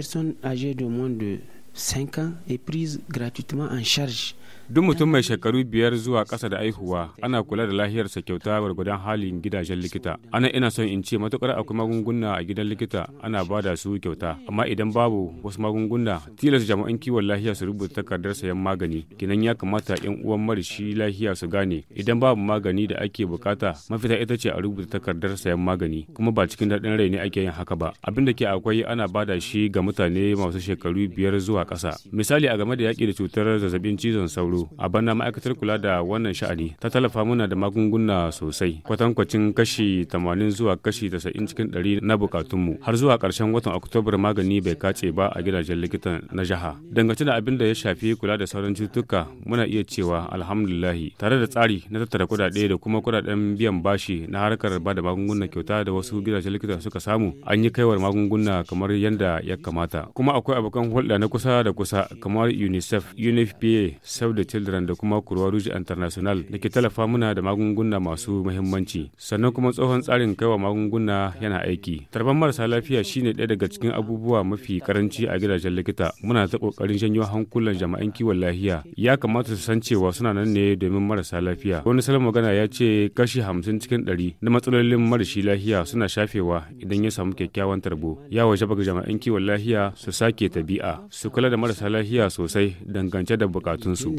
personnes âgées de moins de 5 et prise gratuitement en charge. Duk mutum mai shekaru biyar zuwa ƙasa da aihuwa ana kula da lahiyarsa kyauta gwargwadon halin gidajen likita. Ana ina son in ce matukar akwai magunguna a gidan likita ana ba da su kyauta. Amma idan babu wasu magunguna tilas jami'an kiwon lahiya su rubuta takardar sayan magani. Kinan ya kamata 'yan uwan marishi lahiya su gane idan babu magani da ake bukata mafita ita ce a rubuta takardar sayan magani kuma ba cikin daɗin rai ne ake yin haka ba. Abin da ke akwai ana ba da shi ga mutane masu shekaru biyar zuwa ƙasa. Misali a game da yaƙi da cutar zazzabin cizon sauro, a bana ma'aikatar kula da wannan sha'ani ta tallafa muna da magunguna sosai, kwatankwacin kashi 80 zuwa kashi 90 cikin 100 na bukatunmu. Har zuwa ƙarshen watan Oktobar magani bai kace ba a gidajen likita na jiha. Dangance da abin da ya shafi kula da sauran cututtuka, muna iya cewa alhamdulillah tare da tsari na tattara kuɗaɗe da kuma kuɗaɗen biyan bashi na harkar ba da magunguna kyauta da wasu gidajen likita suka samu, an yi kaiwar magunguna kamar yadda ya kamata. Kuma akwai abokan hulɗa na kusa da kusa kamar unicef unfpa save the children da kuma kurwa rouge international da ke tallafa muna da magunguna masu muhimmanci sannan kuma tsohon tsarin kaiwa magunguna yana aiki tarban marasa lafiya shine ɗaya daga cikin abubuwa mafi karanci a gidajen likita muna ta kokarin janyo hankulan jama'an kiwon lafiya ya kamata su san cewa suna nan ne domin marasa lafiya wani salon magana ya ce kashi hamsin cikin ɗari na matsalolin marashi lafiya suna shafewa idan ya samu kyakkyawan tarbo ya waje baga jama'an kiwon lafiya su sake tabi'a su kula kula da marasa lafiya sosai dangance da bukatunsu.